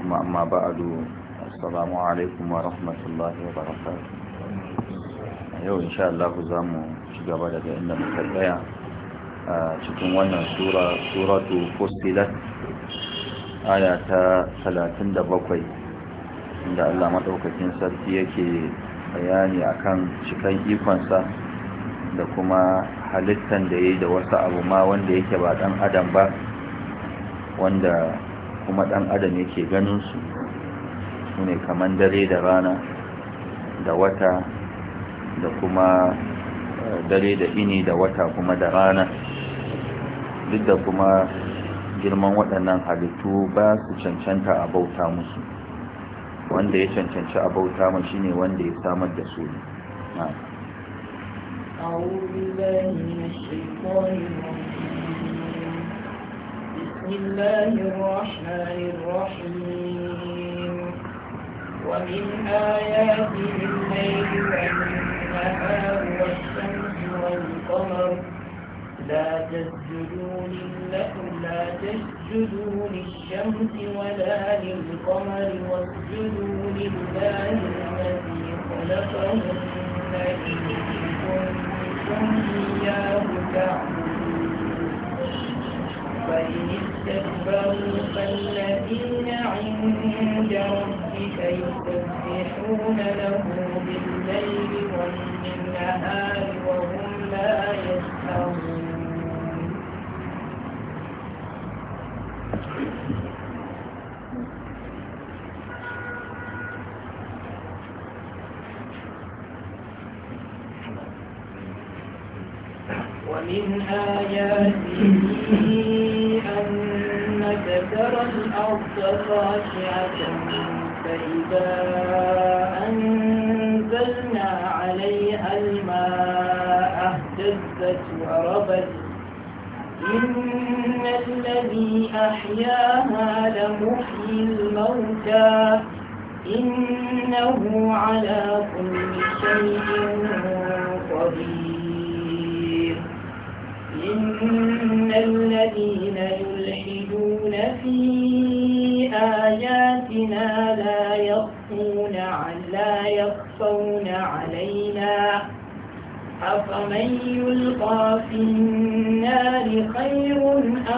ثم أما بعد السلام wa rahmatullahi wa وبركاته yau insha Allah za mu ci gaba daga inda muka tsaya a cikin wannan sura suratu fustilat aya ta 37 inda Allah madaukakin sarki yake bayani akan cikan ikonsa da kuma halittan da yayi da wasu abu ma wanda yake ba dan adam ba wanda kuma ɗan adam yake ganin su su ne kamar dare da rana da wata da kuma eh, dare da ini da wata kuma da rana duk da kuma girman waɗannan halittu ba su cancanta a bauta musu wanda ya cancanci a bauta ma shi wanda ya samar da su na أعوذ بالله من الشيطان الرجيم بسم الله الرحمن الرحيم ومن آياته الليل والنهار والشمس والقمر لا تسجدوا لله لا تسجدوا للشمس ولا للقمر واسجدوا لله الذي خلقهن إن كنتم إياه تعبدون وإن استكبروا فالذين عند ربك يسبحون له بالليل والنهار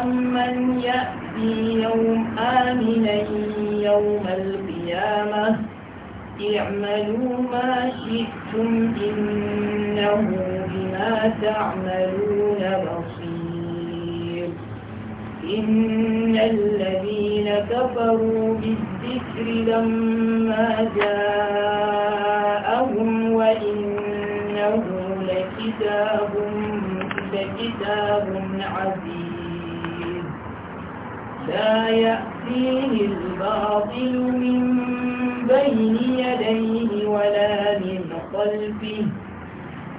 عمن يأتي يوم آمنا يوم القيامة اعملوا ما شئتم إنه بما تعملون بصير إن الذين كفروا بالذكر لما جاءهم وإنه لكتاب لكتاب عزيز لا يأتيه الباطل من بين يديه ولا من خلفه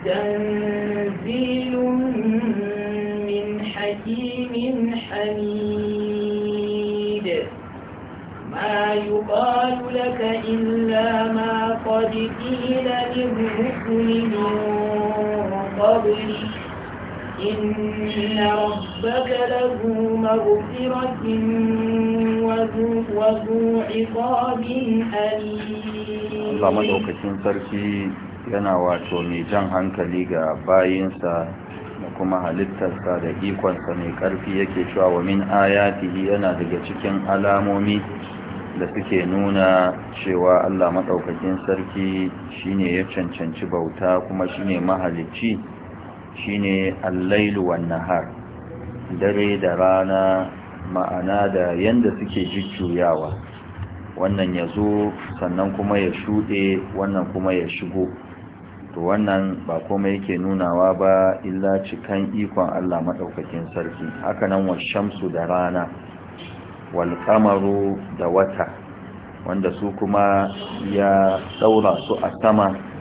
تنزيل من حكيم حميد ما يقال لك إلا ما قد قيل للرسل من قبلك إن ربك له مغفرة وذو عقاب أليم yana wato mai jan hankali ga bayinsa da kuma halittarsa da ikonsa mai karfi yake cewa wa min ayatihi yana daga cikin alamomi da suke nuna cewa Allah maɗaukakin sarki shine ya cancanci bauta kuma shine mahalicci shine al-lailu wan-nahar dare da rana ma'ana da yanda suke jujjuyawa wannan ya zo sannan kuma ya shuɗe wannan kuma ya shigo to wannan ba kuma yake nunawa ba illa cikan ikon Allah maɗaukakin sarki Haka nan wa shamsu da rana wal kamaru da wata wanda su kuma ya ɗaura su a sama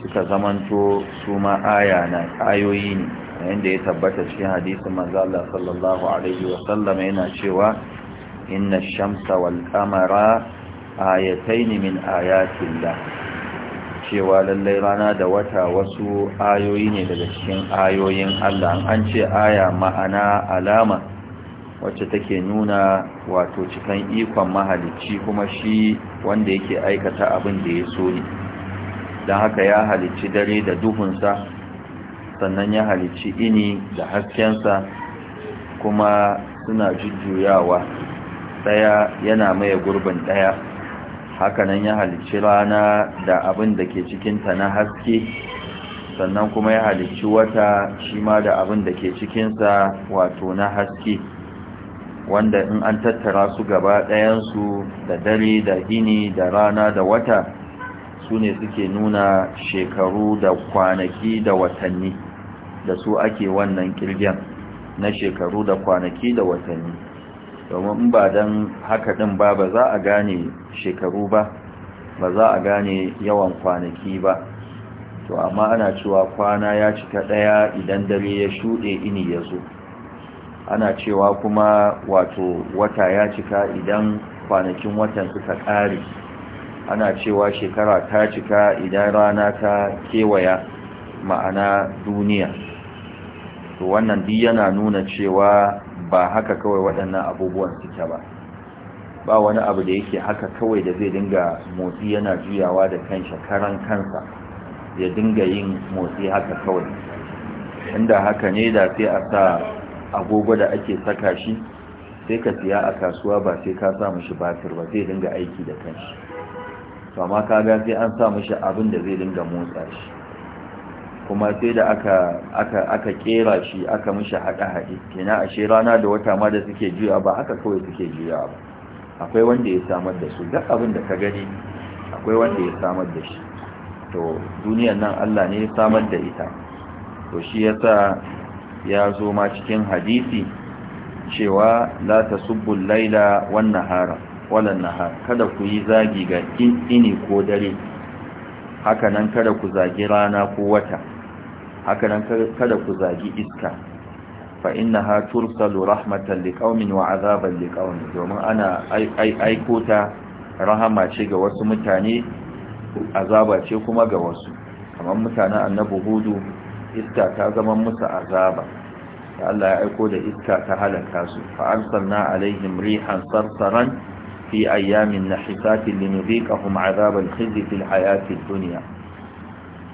suka zamanto su ma aya na ayoyi ne yayin da ya tabbata cikin hadisin manzo Allah sallallahu alaihi wa sallam yana cewa inna shamsa wal qamara ayataini min ayatillah cewa lallai rana da wata wasu ayoyi ne daga cikin ayoyin Allah an ce aya ma'ana alama wacce take nuna wato cikan ikon mahalicci kuma shi wanda yake aikata abin da ya so ne don haka ya halicci dare da duhunsa sannan ya halicci ini da haskensa kuma suna jujjuyawa ɗaya yana maye gurbin ɗaya hakanan ya halicci rana da abin da ke cikinta na haske sannan kuma ya halicci wata shi ma da abin da ke cikinsa wato na haske wanda in an tattara su gaba ɗayansu da dare da ini da rana da wata su ne suke nuna shekaru da kwanaki da watanni da su ake wannan kirgen na shekaru da kwanaki da watanni domin ba don haka din ba ba za a gane shekaru ba ba za a gane yawan kwanaki ba to amma ana cewa kwana ya cika ɗaya idan dare ya shuɗe ini ya zo ana cewa kuma wato wata ya cika idan kwanakin watan suka ƙare ana cewa shekara ta cika idan rana ta kewaya ma'ana duniya to wannan duk yana nuna cewa ba haka kawai waɗannan abubuwan suke ba ba wani abu da yake haka kawai da zai dinga motsi yana juyawa da kan shekaran kansa ya dinga yin motsi haka kawai inda haka ne da sai a sa agogo da ake saka shi sai ka siya a kasuwa ba sai ka sa shi batir ba zai dinga aiki da kanshi to amma kaga sai an sa mishi abin da zai dinga motsa shi kuma sai da aka aka aka kera shi aka mishi hada hadi kina ashe rana da wata ma da suke juya ba haka kawai suke juya ba akwai wanda ya samar da su duk abin da ka gani akwai wanda ya samar da shi to duniyar nan Allah ne ya samar da ita to shi yasa ya zo ma cikin hadisi cewa la tasubbu al-laila wan nahara walan nahar kada ku yi zagi ga ini ko dare hakanan kada ku zagi rana ko wata hakanan kada ku zagi iska fa innaha tursalu rahmatan liqaumin wa azaban liqaumin domin ana aiko ta rahama ce ga wasu mutane azaba ce kuma ga wasu kamar mutanen annabi hudu iska ta zama musu azaba da Allah ya aiko da iska ta halaka su fa arsalna alaihim rihan sarsaran في أيام نحسات لنذيقهم عذاب الخزي في الحياة الدنيا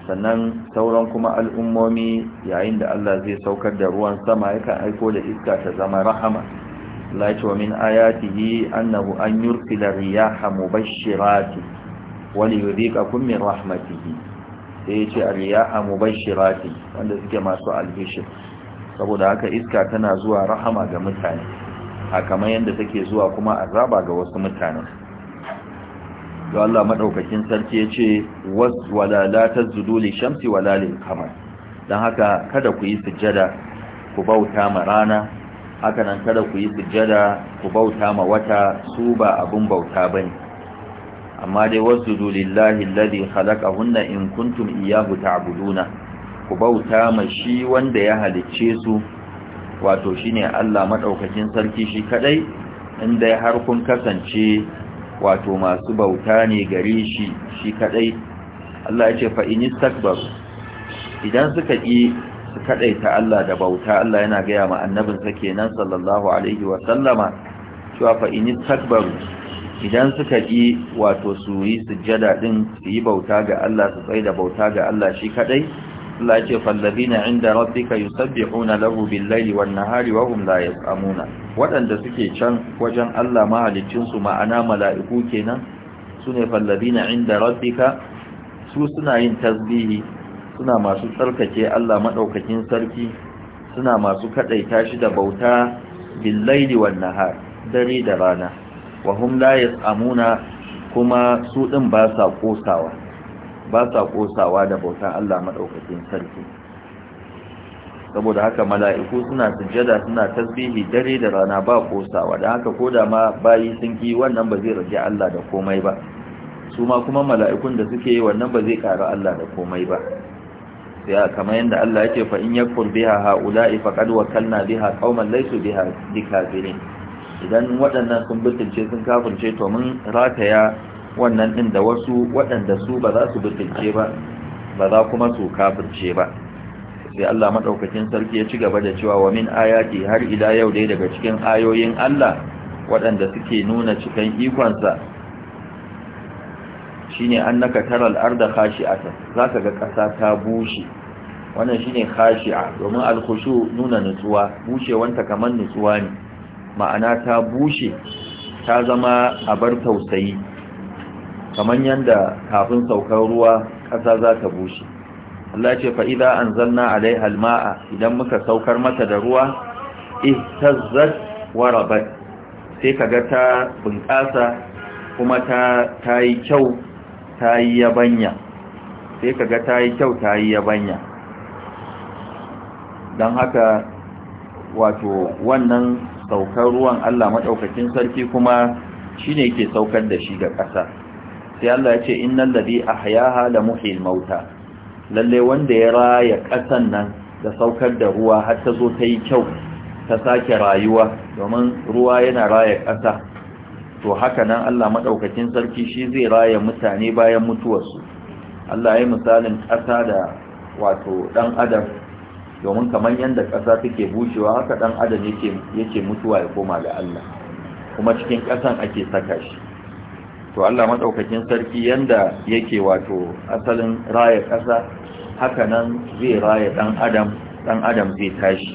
sannan sauran kuma al'ummomi yayin da Allah zai saukar da ruwan sama kan aiko da iska ta zama rahama Allah ya ce wa min ayatihi annahu an yu'rfila riyaha mubashshirati wa liyudhiqakum min rahmatihi sai ya ce riyaha mubashirati wanda suke masu albishir saboda haka iska tana zuwa rahama ga mutane a kamar yadda take zuwa kuma azaba ga wasu mutane da Allah madaukakin sarki yace was wala la tazudu li shamsi wala lil qamar dan haka kada ku yi sujjada ku bauta ma rana haka nan kada ku yi sujjada ku bauta ma wata su ba abun bauta bane amma dai wasjudu lillahi alladhi khalaqahunna in kuntum iyyahu ta'buduna ku bauta ma shi wanda ya halicce su wato shine Allah madaukakin sarki shi kadai inda har kun kasance wato masu bauta ne gare shi shi kadai Allah ya ce fa in istakbaru idan suka ki su ta Allah da bauta Allah yana ga ma annabin sa kenan sallallahu alaihi wa sallama cewa fa in istakbaru idan suka ki wato su yi sujjada din su yi bauta ga Allah su tsaye da bauta ga Allah shi kadai Allah ce fallazina inda rabbika yusabbihuna lahu bil-laili wan-nahari wa hum la yas'amuna wadanda suke can wajen Allah mahalicin su ma'ana mala'iku kenan sune fallazina inda rabbika su suna yin tasbihi suna masu tsarkake Allah madaukakin sarki suna masu kadaita shi da bauta bil wan-nahar dare da rana wa hum la yas'amuna kuma su din ba sa kosawa ba sa kosawa da bautan Allah madaukakin sarki saboda haka mala'iku suna sujjada suna tasbihi dare da rana ba kosawa da haka koda ma bayi sun ki wannan ba zai rage Allah da komai ba su ma kuma mala'ikun da suke yi wannan ba zai ƙara Allah da komai ba ya kamar yadda Allah yake fa in haula biha haula'i Kalna, wakalna biha qauman laysu biha bikafirin idan waɗannan sun bitince sun kafirce to mun rataya wannan ɗin da wasu waɗanda su ba za su bitince ba ba za kuma su kafirce ba sai Allah maɗaukakin sarki ya ci gaba da cewa wa min ayati har ila yau dai daga cikin ayoyin Allah waɗanda suke nuna cikin ikonsa shine annaka taral arda khashi'atan zaka ga ƙasa ta bushe wannan shine khashi'a domin al-khushu nuna nutsuwa Bushe wanta kamar nutsuwa ne ma'ana ta bushe ta zama abar tausayi kamar yadda kafin saukar ruwa ƙasa za ta bushe Allah ce fa'ida an zanna a dai halma'a idan muka saukar mata da ruwa ihtazzat warabat sai kaga ta bunƙasa kuma ta yi kyau ta yi yabanya sai kaga ta kyau ta yi yabanya don haka wato wannan saukar ruwan Allah maɗaukakin sarki kuma shi ne ke saukar da shi ga ƙasa sai Allah ya ce innal ladhi ahyaha la muhyil mauta lalle wanda ya raya kasan nan da saukar da ruwa har ta zo ta yi kyau ta sake rayuwa domin ruwa yana raya kasa to haka nan Allah madaukakin sarki shi zai raya mutane bayan mutuwarsu Allah ya yi misalin kasa da wato dan adam domin kamar yanda ƙasa take bushewa haka ɗan adam yake mutuwa ya koma ga Allah kuma cikin ƙasan ake saka shi to Allah madaukakin sarki yanda yake wato asalin raya ƙasa haka nan zai raya dan adam dan adam zai tashi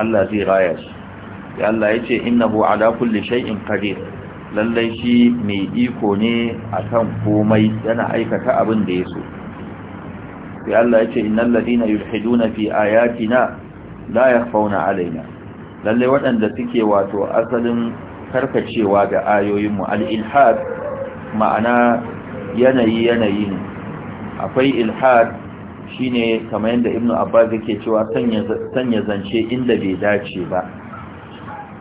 Allah zai raya shi ya Allah yace innahu ala kulli shay'in qadir lallai shi mai iko ne akan komai yana aikata abin da yaso ya Allah yace innal ladina yulhiduna fi ayatina la yakhfauna alaina lallai waɗanda suke wato asalin karkacewa ga ayoyinmu al-ilhad ma'ana yanayi yanayi ne akwai ilhad ne kamar yadda ibnu abbas yake cewa sanya zance inda bai dace ba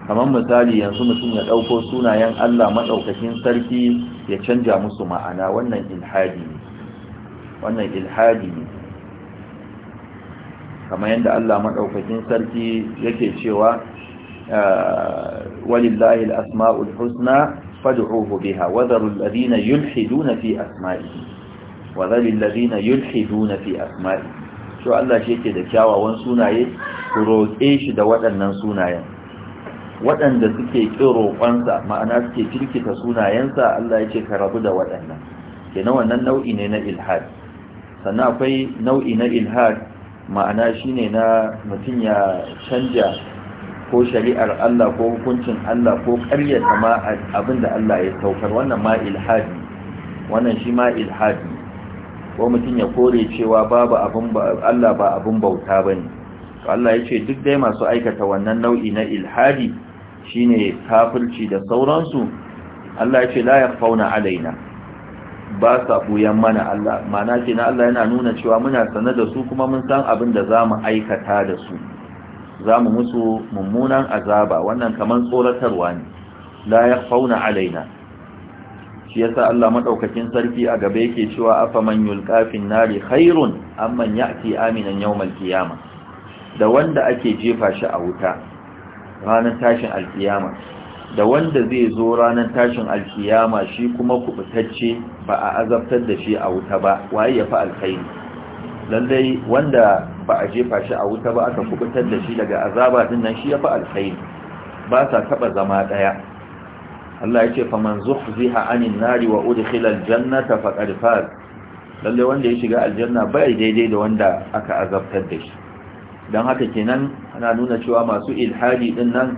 kamar misali yanzu mutum ya ɗauko sunayen Allah maɗaukakin sarki ya canja musu ma'ana wannan ilhadi ne wannan ilhadi ne kamar yadda Allah maɗaukakin sarki yake cewa ah, walillahi al-asma'ul husna فادعوه بها وذروا الذين يلحدون في أسمائه وذل الذين يلحدون في أسمائه شو الله شيء كده كاوا وان سنايه كروكي شي waɗannan sunayen waɗanda suke kiroƙonsa ma'ana suke kirkita sunayensa Allah yace ce ka rabu da waɗannan kenan wannan nau'i ne na ilhad sannan akwai nau'i na ilhad ma'ana shine na mutum ya canja ko shari'ar Allah ko hukuncin Allah ko ƙaryata ma abin da Allah ya saukar wannan ma ilhadi wannan shi ma ilhadi ko mutum ya kore cewa babu abin Allah ba abin bauta bane to Allah ya ce duk dai masu aikata wannan nau'i na ilhadi shine kafirci da sauransu Allah ya ce la yakhfauna alaina ba sa buyan mana Allah mana ce na Allah yana nuna cewa muna sane da su kuma mun san abin da zamu aikata da su za mu musu mummunan azaba wannan kamar tsoratarwa ne la ya fauna alaina shi yasa Allah madaukakin sarki a gaba yake cewa afaman yulqa fin nari khairun amman ya'ti aminan yawmal qiyamah da wanda ake jefa shi a wuta ranar tashin alkiyama da wanda zai zo ranar tashin alkiyama shi kuma kubutacce ba a azabtar da shi a wuta ba waye yafi alkhairi lallai wanda ba a jefa shi a wuta ba aka kubutar da shi daga azaba din nan shi yafi alkhairi ba sa taba zama daya Allah ya ce faman zuhziha anin nari wa udkhila aljannata faqad faz lalle wanda ya shiga aljanna ya daidai da wanda aka azabtar da shi dan haka kenan ana nuna cewa masu ilhadi din nan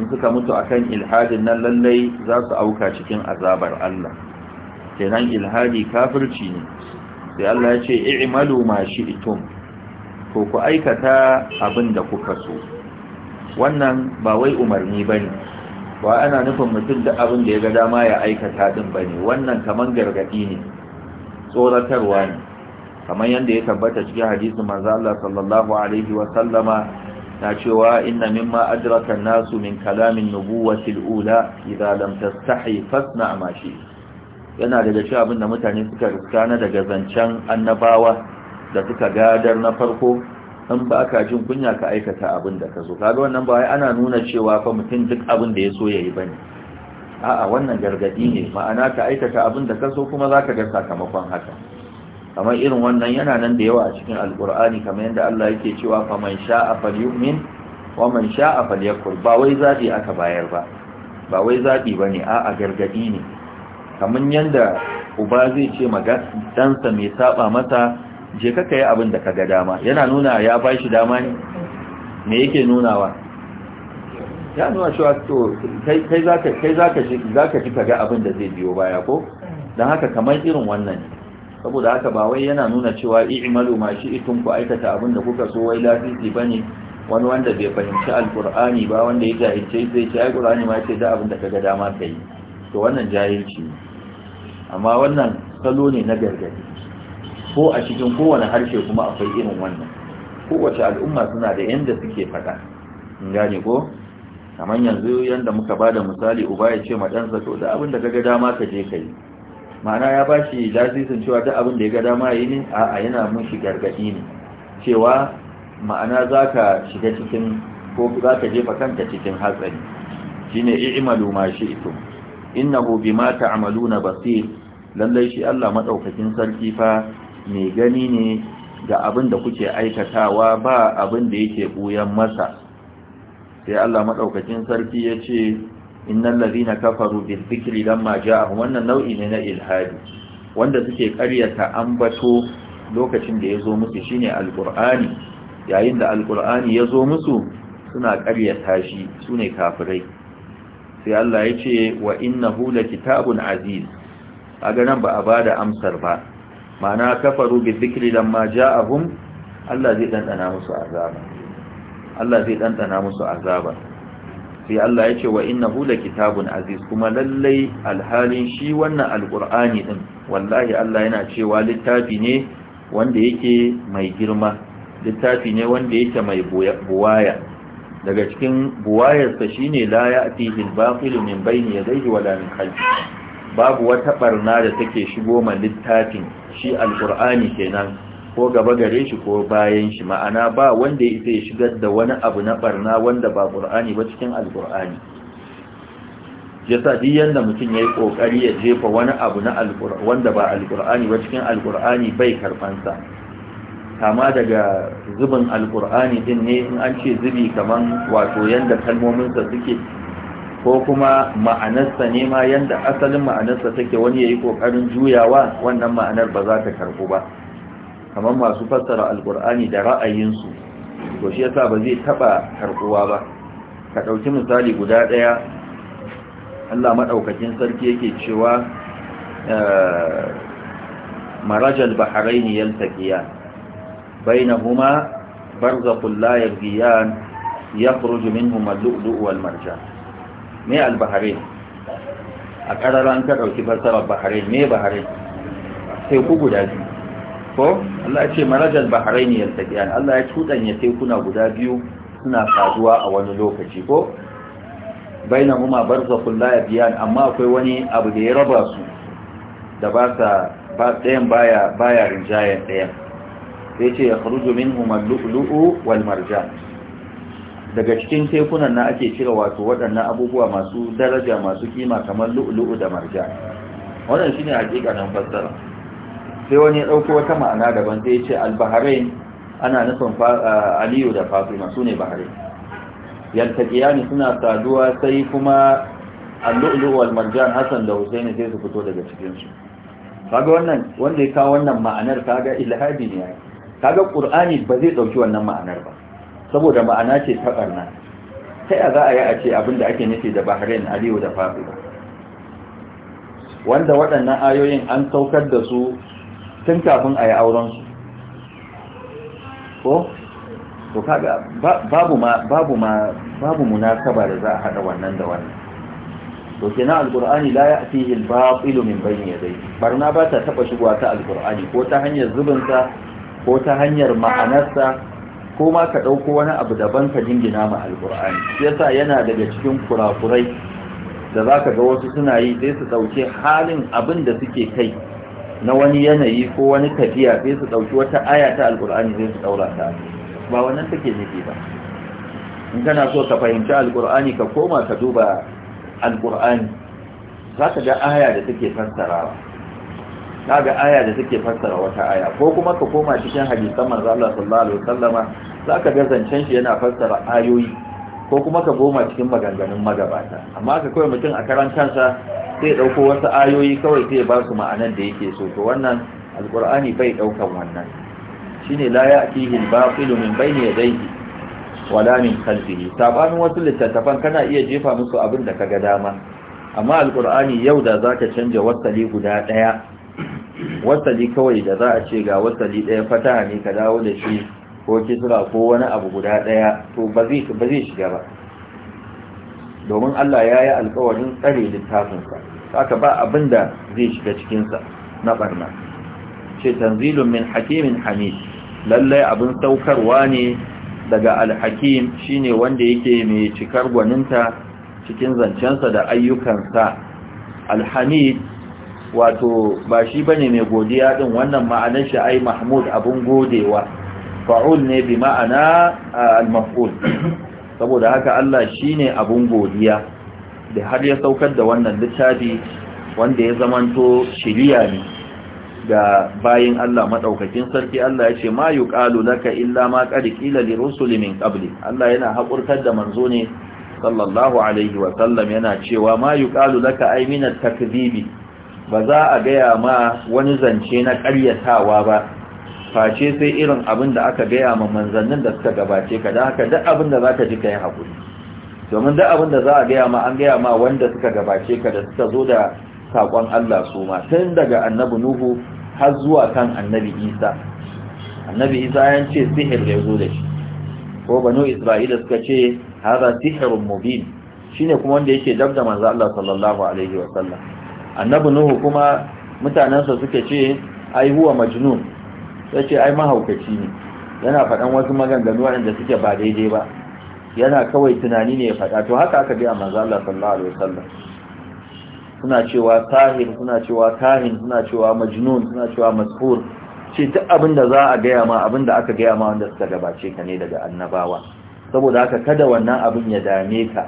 in suka mutu akan ilhadin nan lalle za su auka cikin azabar Allah kenan ilhadi kafirci ne sai Allah ya ce i'malu ma shi'tum Ko ku aikata abin da kuka so wannan ba wai umarni ba ne ba ana nufin mutum da abin da ya ga dama ya aikata din ba ne wannan kamar gargaɗi ne tsoratarwa ne kamar yadda ya tabbata cikin hadisin manzo Allah sallallahu alaihi wa sallama na cewa inna mimma adraka nasu min kalamin nubuwati ula idza lam tastahi fasna ma shi yana daga cikin abin da mutane suka riska na daga zancen annabawa da suka gadar na farko in ba ka jin kunya ka aikata abin da ka zo kaga wannan ba ana nuna cewa fa mutum duk abin da ya so yayi bane a'a wannan gargadi ne ma'ana ka aikata abin da ka so kuma zaka ga sakamakon haka kamar irin wannan yana nan da yawa a cikin alkur'ani kamar yadda Allah yake cewa fa man sha'a falyu'min wa man sha'a falyakfur ba wai zabi aka bayar ba ba wai zabi bane a'a gargadi ne kamar yadda uba zai ce ma dansa mai saba mata. je ka kai abin da ka ga dama yana nuna ya ba shi dama ne me yake nunawa ya nuna shi wato kai za ka ji ka ga abin da zai biyo baya ko don haka kamar irin wannan saboda haka ba wai yana nuna cewa i'malu ma itin ku aikata abin da kuka so wai lafifi bane wani wanda bai fahimci alqur'ani ba wanda ya jahilce zai ce alqur'ani ma yace da abin da ga dama kai to wannan jahilci amma wannan salo ne na gargadi ko a cikin kowane harshe kuma akwai irin wannan kowace al'umma suna da yanda suke faɗa in gane ko kamar yanzu yanda muka bada misali uba ya ce ma ɗansa to da abin da ka ga dama ka je ka yi ma'ana ya ba shi lasisin cewa ta abin da ya ga dama yi ne a yana mushi gargaɗi ne cewa ma'ana za ka shiga cikin ko za ka jefa kanka cikin hatsari shi ne i'malu ma shi ito innahu bima ta'maluna basir lallai shi Allah madaukakin sarki fa mai gani ne ga abin da kuke aikatawa ba abin da yake buyan masa sai Allah maɗaukacin sarki ya ce innal ladina kafaru bil dhikri lamma ja'ahum wannan nau'i ne na ilhadi wanda suke ƙaryata ambato lokacin da yazo musu shine alqur'ani yayin da alqur'ani yazo musu suna karyata shi sune kafirai sai Allah ya ce wa hula lakitabun aziz a nan ba a ba da amsar ba ma'ana kafaru bi dhikri lamma ja'ahum Allah zai dandana musu azaba Allah zai dandana musu azaba sai Allah ya ce wa innahu kitabun aziz kuma lallai alhalin shi wannan alqur'ani din wallahi Allah yana cewa littafi ne wanda yake mai girma littafi ne wanda yake mai buwaya daga cikin buwayarsa shine la ya'tihi al-batil min bayni yadayhi wala min khalfihi babu wata barna da take shigo ma littafin shi alkur'ani kenan ko gaba gare shi ko bayan shi ma'ana ba wanda ya ita ya shigar da wani abu na barna wanda ba qur'ani ba cikin alkur'ani yasa duk yanda mutum yayi kokari ya jefa wani abu na alkur'ani wanda ba alkur'ani ba cikin alkur'ani bai karfansa. kama daga zubin alkur'ani din ne in an ce zubi kaman wato yanda kalmominsa sa suke ko kuma ma'anarsa ne ma yadda asalin ma'anarsa take wani ya yi ƙoƙarin juyawa wannan ma'anar ba za ta karɓu ba kamar masu fassara alƙur'ani da ra'ayinsu to shi yasa ba zai taɓa karɓuwa ba ka ɗauki misali guda ɗaya allah maɗaukakin sarki yake cewa eh, marajal baharaini yaltaqiyan bainahuma barzakhun la yabghiyan yakhruju minhuma al-lu'lu'u wal marja. me al-bahrain a ƙararan ka ɗauki fassarar bahrain me bahrain teku guda biyu ko Allah ya ce marajar bahrain ya tafiya Allah ya cuɗanya tekuna guda biyu suna saduwa a wani lokaci ko baina huma barzakhun la yabiyan amma akwai wani abu da ya raba su da ba sa ba ɗayan baya rinjayen ɗayan sai ce ya kharuju minhum al-lu'lu'u wal marjan daga cikin tekunan na ake cire wato waɗannan abubuwa masu daraja masu kima kamar lu'ulu'u da marja wannan shine hakikanin fassara sai wani ya dauko wata ma'ana daban sai ya ce al-bahrain ana nufin aliyu da fatima sune bahrain yaltaqiyani suna saduwa sai kuma al-lu'lu'u wal marjan hasan da husaini sai su fito daga cikin su kaga wannan wanda ya kawo wannan ma'anar kaga ilhadi ne kaga qur'ani ba zai dauki wannan ma'anar ba saboda ma'ana ce ta barna ta a za a yi a ce abinda ake nufi da bahrain aliyu da fatima wanda waɗannan ayoyin an saukar da su tun kafin a yi aurensu ko to kaga babu ma babu ma babu munasaba da za a hada wannan da wannan to kenan alqur'ani la ya'tihi al min bayni yadayhi barna ba ta taba shigowa ta alqur'ani ko ta hanyar zubin ko ta hanyar ma'anarsa ko ma ka ɗauko wani abu daban ka jingina ma alkur'ani yasa yana daga cikin kurakurai da za ka ga wasu suna yi sai su ɗauke halin abin da suke kai na wani yanayi ko wani tafiya sai su ɗauki wata aya ta alkur'ani sai su ɗaura ta ba wannan take nufi ba in kana so ka fahimci Alƙur'ani ka koma ka duba alkur'ani za ka ga aya da take fassarawa kaga aya da take fassara wata aya ko kuma ka koma cikin hadisan manzo Allah sallallahu alaihi wasallama zaka ga zancen shi yana fassara ayoyi ko kuma ka goma cikin maganganun magabata amma ka kawai mutum a karan kansa sai dauko wasu ayoyi kawai sai ba su ma'anar da yake so to wannan alqur'ani bai daukan wannan shine la ya'tihi al-batil min bayni yadayhi wala min khalfihi sabanin wasu littattafan kana iya jefa musu abin da kaga dama amma alqur'ani yau da zaka canja wasali guda daya wasali kawai da za a ce ga wasali ɗaya fata ne ka dawo da shi ko kisra ko wani abu guda ɗaya to ba zai shiga ba domin Allah ya yi alkawarin tsare littafinsa haka ba abin da zai shiga cikinsa na barna ce tanzilun min hakimin hamid lallai abin saukarwa ne daga alhakim shine wanda yake mai cikar gwaninta cikin zancensa da ayyukansa alhamid wato ba shi bane mai godiya din wannan ma'anar shi ai mahmud abun godewa fa'ul ne bi ma'ana al-maf'ul saboda haka Allah shine abun godiya da har ya saukar da wannan littafi wanda ya zamanto shiriya ne ga bayin Allah madaukakin sarki Allah ya ce ma yuqalu laka illa ma qad ƙila li rusuli min qabli Allah yana haƙurtar da manzo ne sallallahu alaihi wa sallam yana cewa ma yuqalu laka ay min ba za a gaya ma wani zance na karyatawa ba face sai irin abin da aka gaya ma manzannin da suka gabace ka da haka duk abin da za ka ji ka yi haƙuri domin duk abin da za a gaya ma an gaya ma wanda suka gabace ka da suka zo da saƙon Allah su ma tun daga annabi Nuhu har zuwa kan annabi Isa annabi Isa ya ce sihir ya zo da shi ko banu Isra'ila suka ce haza sihirun mubin shine kuma wanda yake dabda manzo Allah sallallahu alaihi wa sallam annabi nuhu kuma mutanensa suka ce ai huwa majnun sai ce ai mahaukaci ne yana faɗan wasu maganganu waɗanda suke ba daidai ba yana kawai tunani ne ya faɗa to haka aka gaya manzo Allah sallallahu alaihi wasallam suna cewa tahir suna cewa 'Tahin'! suna cewa majnun suna cewa mashur ce duk abin da za a gaya ma abin da aka gaya ma wanda suka gabace ka ne daga annabawa saboda haka kada wannan abin ya dame ka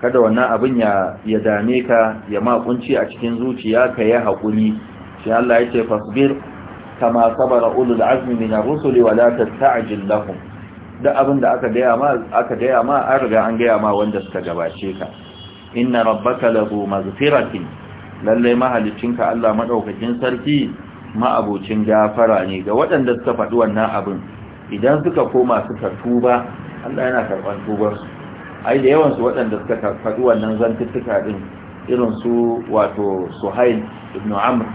kada wannan abin ya dame ka ya makunci a cikin zuciya ka yi haƙuri shi Allah ya ce fasbir kama sabara ulul azmi min ar-rusuli wa la tasta'jil lahum duk abin da aka gaya ma aka gaya ma an riga an gaya ma wanda suka gabace ka inna rabbaka lahu maghfiratin lalle ka Allah madaukakin sarki ma'abocin gafara ne ga waɗanda suka faɗi wannan abin idan suka koma suka tuba Allah yana karɓar tubarsu ai da yawansu waɗanda suka faɗi wannan zantuttuka din, irin su wato suhail ibn amr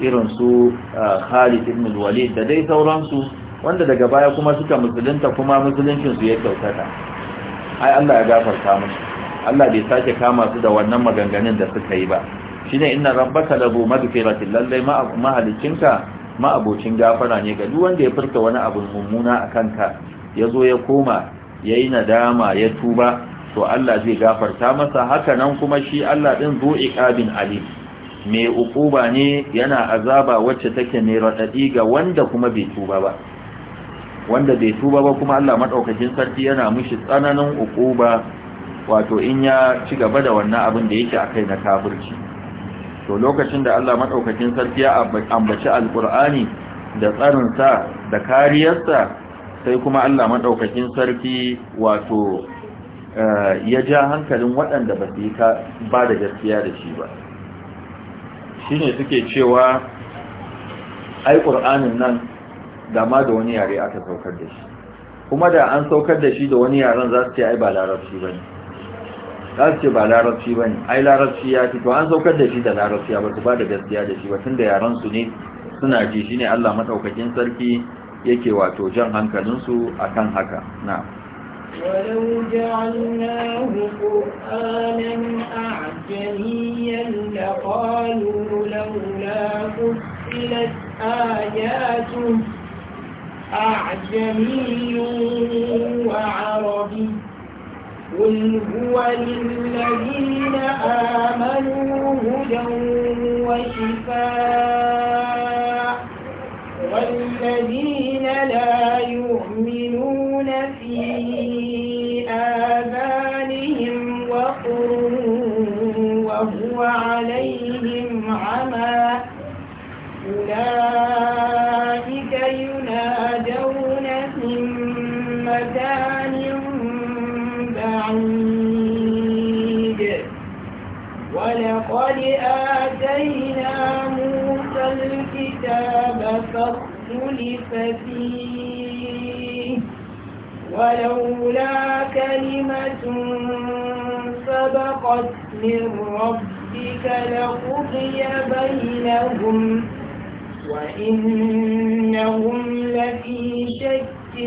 irin su ah, khalid ibn walid da dai sauransu wanda daga baya kuma suka musulunta kuma musuluncinsu ya kyautata ai Allah ya gafarta musu Allah bai sake kama su da wannan maganganun da suka yi ba shine inna rabbaka labu maghfiratin lallai ma mahalicinka ma abocin gafara ne ga duk wanda ya furta wani abu mummuna akan ka yazo ya koma yayi nadama ya tuba to Allah zai gafarta masa haka nan kuma shi Allah ɗin zo iqabin alim mai uƙuba ne yana azaba wacce take ne raɗaɗi ga wanda kuma bai tuba ba wanda bai tuba ba kuma Allah maɗaukakin sarki yana mushi tsananin uƙuba wato in ya ci gaba da wannan abin da yake akai na kafirci to lokacin da Allah maɗaukakin sarki ya ambaci alqur'ani da tsarinsa da kariyarsa sai kuma Allah maɗaukakin sarki wato eh, ya ja hankalin waɗanda ba su yi ba da gaskiya da shi ba shi ne suke cewa ai ƙur'anin nan da ma da wani yare aka saukar da shi kuma da an saukar da shi da wani yaren za su ce ai ba larabci ba ne za su ce ba larabci ba ne ai larabci ya fito an saukar da shi da larabci ba su ba da gaskiya da shi ba tun da yaren su ne suna ji shi ne Allah maɗaukakin sarki yake wato jan hankalinsu a kan haka na walau ja'alna huku anan a jami'an da kwallo laula kusilat a yato a jami'in wa arabi wulhuwali lalina amalu hujan wa shifa فلا يؤمنون ولولا كلمة سبقت من ربك لقضي بينهم وإنهم لفي شك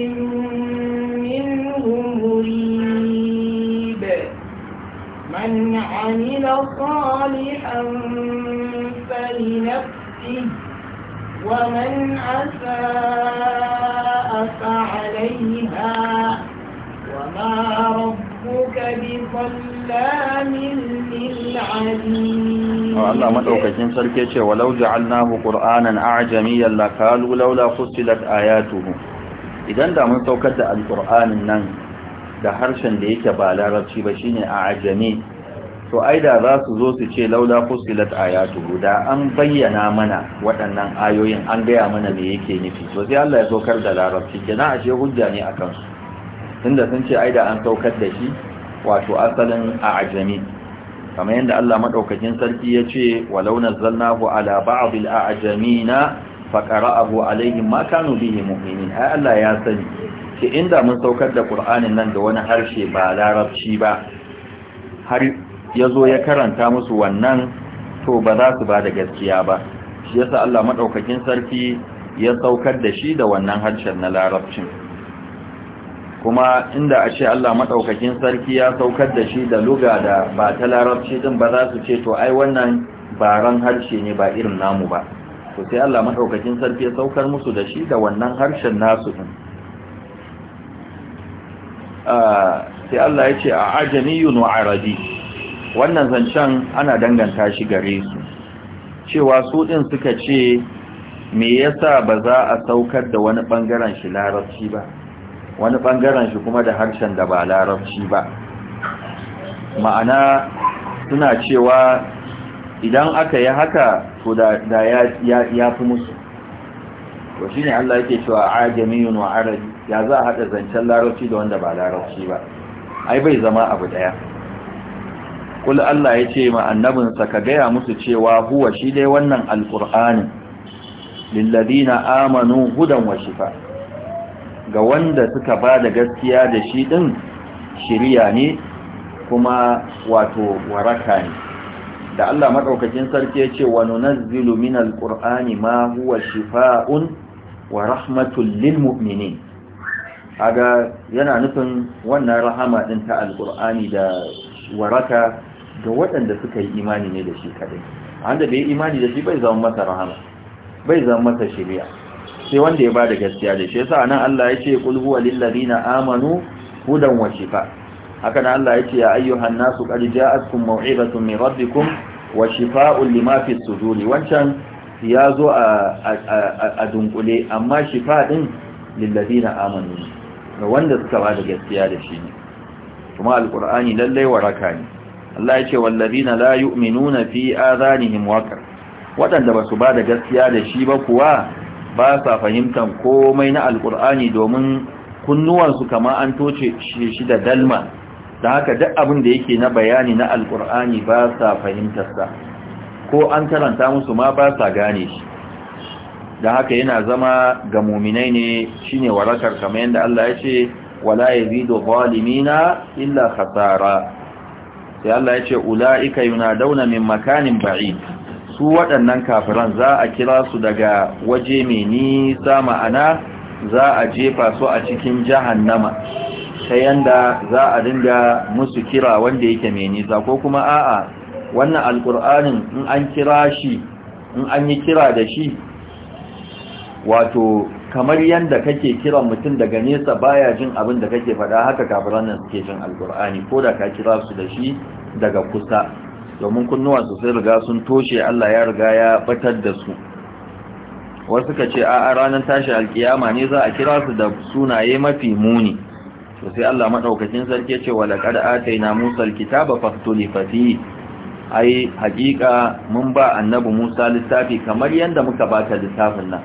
منه مريب من عمل صالحا فلنفسه ومن أساء فعليها ربك بظلام Allah madaukakin sarki ce walau ja'alnahu qur'anan a'jamiyyan lakalu laula fussilat ayatuhu idan da mun saukar da alqur'anin nan da harshen da yake ba larabci ba shine a'jami to ai da za su zo su ce laula fussilat ayatuhu da an bayyana mana waɗannan ayoyin an gaya mana me yake nufi to sai Allah ya saukar da larabci kenan ashe hujja ne a su tunda sun ce ai da an saukar da shi wato asalin a ajami kamar yadda Allah madaukakin sarki ya ce walau nazzalnahu ala ba'dil a'jamina faqara'ahu alaihim ma kanu bihi mu'minin ai Allah ya sani ce inda mun saukar da Qur'anin nan da wani harshe ba larabci ba har yazo ya karanta musu wannan to ba za su ba da gaskiya ba shi yasa Allah madaukakin sarki ya saukar da shi da wannan harshen na larabcin kuma inda a ce Allah maɗaukakin sarki ya saukar da shi da luga da ba ta larabci din ba za su ce to ai wannan baran harshe ne ba irin namu ba to sai Allah maɗaukakin sarki ya saukar musu da shi da wannan harshen nasu din sai Allah ya ce a ajamiyun wa arabi wannan zancen ana danganta shi gare su cewa su din suka ce me yasa ba za a saukar da wani bangaren shi larabci ba wani bangaren shi kuma da harshen da ba larabci ba ma'ana suna cewa idan aka yi haka to da ya fi musu to shi ne Allah yake cewa ajamiyun wa arabi ya za a haɗa zancen larabci da wanda ba larabci ba ai bai zama abu ɗaya kul Allah ya ce ma sa ka gaya musu cewa huwa shi dai wannan alƙur'anin lillazina amanu hudan wa shifa ga wanda suka ba da gaskiya da shi ɗin shirya ne kuma wato waraka ne da Allah maɗaukacin sarki ya ce wa nunazzilu min alqur'ani ma huwa shifaa'un wa rahmatul lil mu'minin kaga yana nufin wannan rahama din ta alqur'ani da waraka ga waɗanda suka yi imani ne da shi kadai wanda bai imani da shi bai zama masa rahama bai zama masa shirya. sai wanda ya bada gaskiya da shi yasa nan Allah ya ce qul huwa amanu hudan wa shifa haka nan Allah ya ce ya ayyuhan nasu qad ja'atkum maw'izatun min rabbikum wa shifa'un lima fi suduri wancan ya zo a dunkule amma shifa din lil ladina amanu ga wanda suka bada gaskiya da shi ne kuma alqur'ani lalle waraka ne Allah ya ce wal ladina la yu'minuna fi adanihim waqr wadanda basu bada gaskiya da shi ba kuwa ba sa fahimtar komai na alkur'ani domin kunnuwansu kama an toce shi da dalma da haka duk abin da yake na bayani na alkur'ani ba sa fahimtarsa ko an karanta musu ma ba sa gane shi da haka yana zama ga muminai ne shine warakar kamar yadda Allah ya ce wala yazidu walimina illa khasara sai Allah ya ce ulaika dauna min makanin ba'id su waɗannan kafiran za a kira su daga waje mai nisa ma'ana za a jefa su a cikin jahannama ta yanda za a dinga musu kira wanda yake mai nisa ko kuma a'a wannan alƙur'anin in an kira shi in an yi kira da shi wato kamar yadda kake kiran mutum daga nesa baya jin abin da kake faɗa haka kafiran nan suke jin Alkur'ani ko da ka kira su da shi daga kusa domin kunnuwa su sai riga sun toshe Allah ya riga ya batar da su wasu ka ce a ranar tashi alkiyama ne za a kira su da sunaye mafi muni to sai Allah maɗaukacin sarki ya ce wa yi na Musa alkitaba fakhtulifa fihi ai haƙiƙa mun ba annabi Musa littafi kamar yadda muka baka littafin nan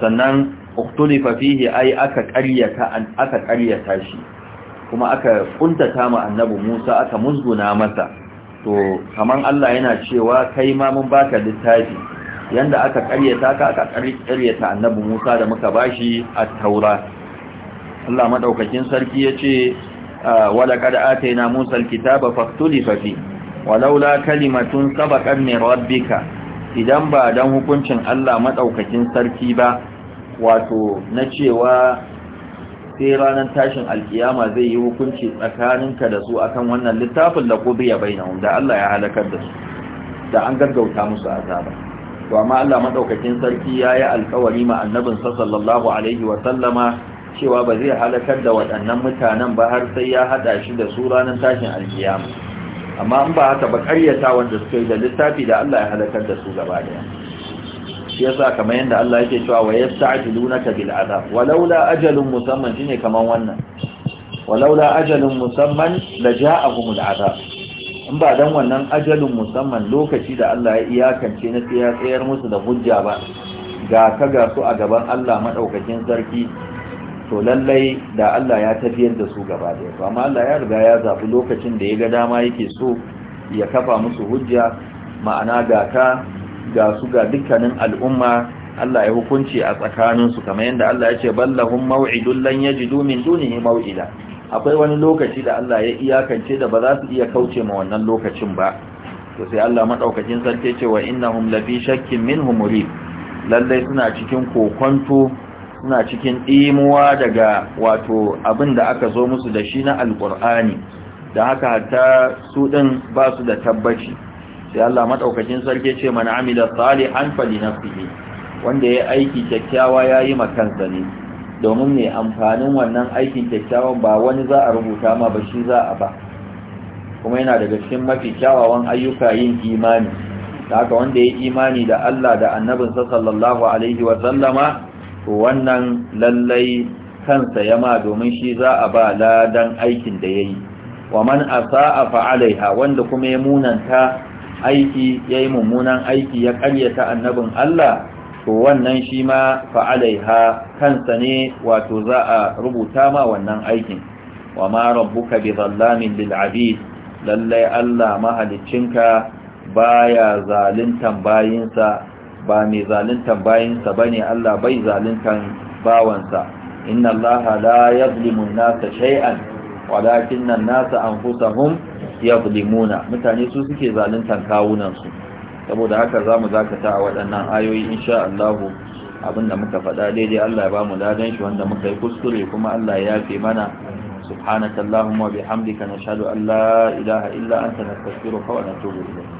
sannan uktulifa fihi ai aka ƙaryata shi kuma aka ƙuntata ma annabi Musa aka musguna masa to kamar Allah yana cewa kai ma mun baka littafi yanda aka karyata ka aka karyata annabi Musa da muka bashi a taura Allah madaukakin sarki yace ah, wala qad atayna Musa al-kitaba faktulifa fi walaula kalimatun sabaqan min rabbika idan ba dan hukuncin Allah madaukakin sarki ba wato na cewa sai ranar tashin alkiyama zai yi hukunci tsakaninka da su akan wannan littafin da ko biya da Allah ya halakar da su da an gaggauta musu azaba to amma Allah madaukakin sarki yayi alkawari ma annabin sallallahu alaihi wa sallama cewa ba zai halakar da waɗannan mutanen ba har sai ya hada shi da su ranar tashin alkiyama amma in ba haka ba ƙaryata wanda suka yi da littafi da Allah ya halakar da su gaba daya shi yasa kamar yadda Allah yake cewa wa yasta'jilunaka bil azab walaula ajalun musamman shine kaman wannan walaula ajalun musamman laja'ahumul azab in ba dan wannan ajalun musamman lokaci da Allah ya iyakance na tsaya tsayar musu da hujja ba ga ka ga su a gaban Allah madaukakin sarki to lallai da Allah ya tafiyar da su gaba da yawa amma Allah ya riga ya zabi lokacin da ya ga dama yake so ya kafa musu hujja ma'ana ga ka ga su ga dukkanin al'umma Allah ya hukunci a tsakaninsu kamar yadda Allah ya ce ballahum maw'idun lan yajidu min dunihi maw'ida akwai wani lokaci da Allah ya iyakance da ba za su iya kauce ma wannan lokacin ba to sai Allah madaukakin sarki ce wa innahum fi shakkin minhu murib lallai suna cikin kokonto suna cikin dimuwa daga wato abin da aka zo musu da shi na alqur'ani da haka hatta su din ba su da tabbaci sai Allah madaukakin sarki ce man amila salihan fali nafsihi wanda ya aiki kyakkyawa yayi makansa ne domin ne amfanin wannan aikin kyakkyawan ba wani za a rubuta ma ba shi za a ba kuma yana daga cikin mafi kyawawan ayyuka yin imani haka wanda ya imani da Allah da annabinsa sallallahu alaihi wa sallama to wannan lallai kansa yama domin shi za a ba ladan aikin da yayi wa man asaa fa alaiha wanda kuma ya munanta aiki ya yi mummunan aiki ya karyata annabin Allah to wannan shi ma fa'alaiha kansa ne wato za a rubuta ma wannan aikin wa ma rabbuka bi zallamin lilabid lallai Allah mahaliccinka ya zaluntan bayinsa ba mai zaluntan bayinsa bane Allah bai zaluntar bawansa inna Allah la yazlimu an-nasa shay'an walakinna an-nasa anfusahum limuna mutane su suke zaluntar kawunan su saboda haka zamu zakata a waɗannan ayoyi insha abin abinda muka faɗa daidai Allah ya bamu ladan shi wanda muka yi kuskure kuma Allah ya yafe mana subhanakallahumma wa bihamdika nashhadu an la ilaha illa anta nastaghfiruka wa natubu ilayk